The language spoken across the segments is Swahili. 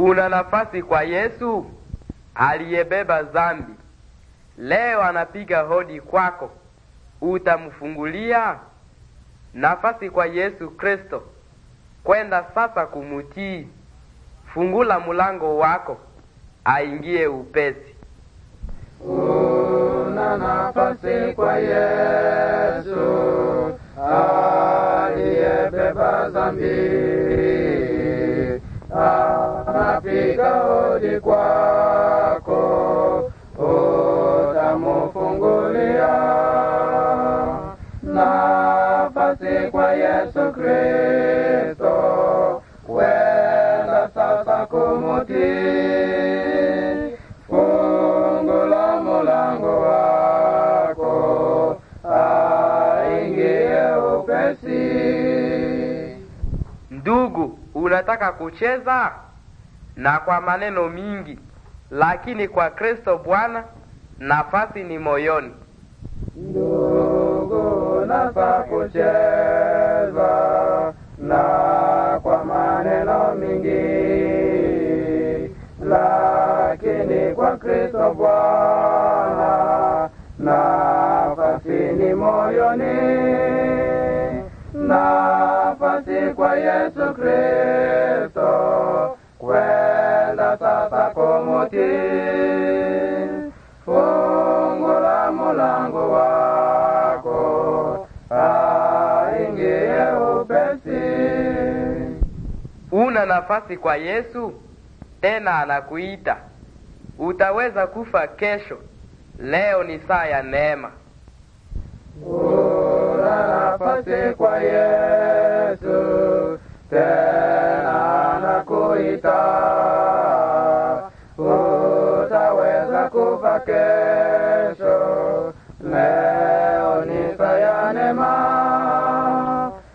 Kuna nafasi kwa Yesu aliyebeba dhambi. Leo anapiga hodi kwako, utamfungulia nafasi kwa Yesu Kristo kwenda sasa kumutii. Fungula mlango wako aingie upesi. Kuna nafasi kwa Yesu aliyebeba dhambi. Afrika hodi kwako, utamufungulia nafasi kwa Yesu Kristo, wenda sasa kumuti Fungula mulango wako, aingie upesi. Ndugu, unataka kucheza? na kwa maneno mingi, lakini kwa Kristo Bwana nafasi ni moyoni. Ndugu, nasa kucheza na kwa maneno mingi, lakini kwa Kristo Bwana nafasi ni moyoni, nafasi kwa Yesu Kristo te fungula mulango wako aingie upesi una nafasi kwa yesu tena anakuita utaweza kufa kesho leo ni saa ya neema una nafasi kwa yesu tena kufa kesho, leo ni sayanema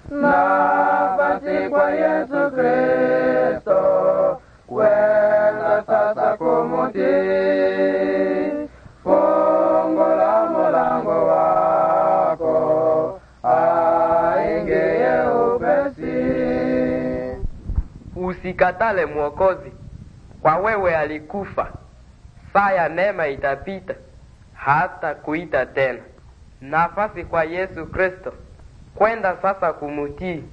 nafasi kwa Yesu Kristo, kwenda sasa kumuti Fungu wako aingie upesi, usikatale Mwokozi, kwa wewe alikufa saa ya neema itapita, hata kuita tena. Nafasi kwa Yesu Kristo kwenda sasa kumutii.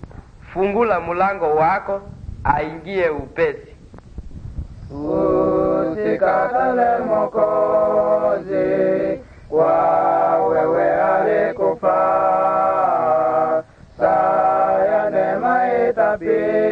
Fungula mulango wako aingie upesi. Usikatale Mokozi kwa wewe alikufa. Saa ya neema itapita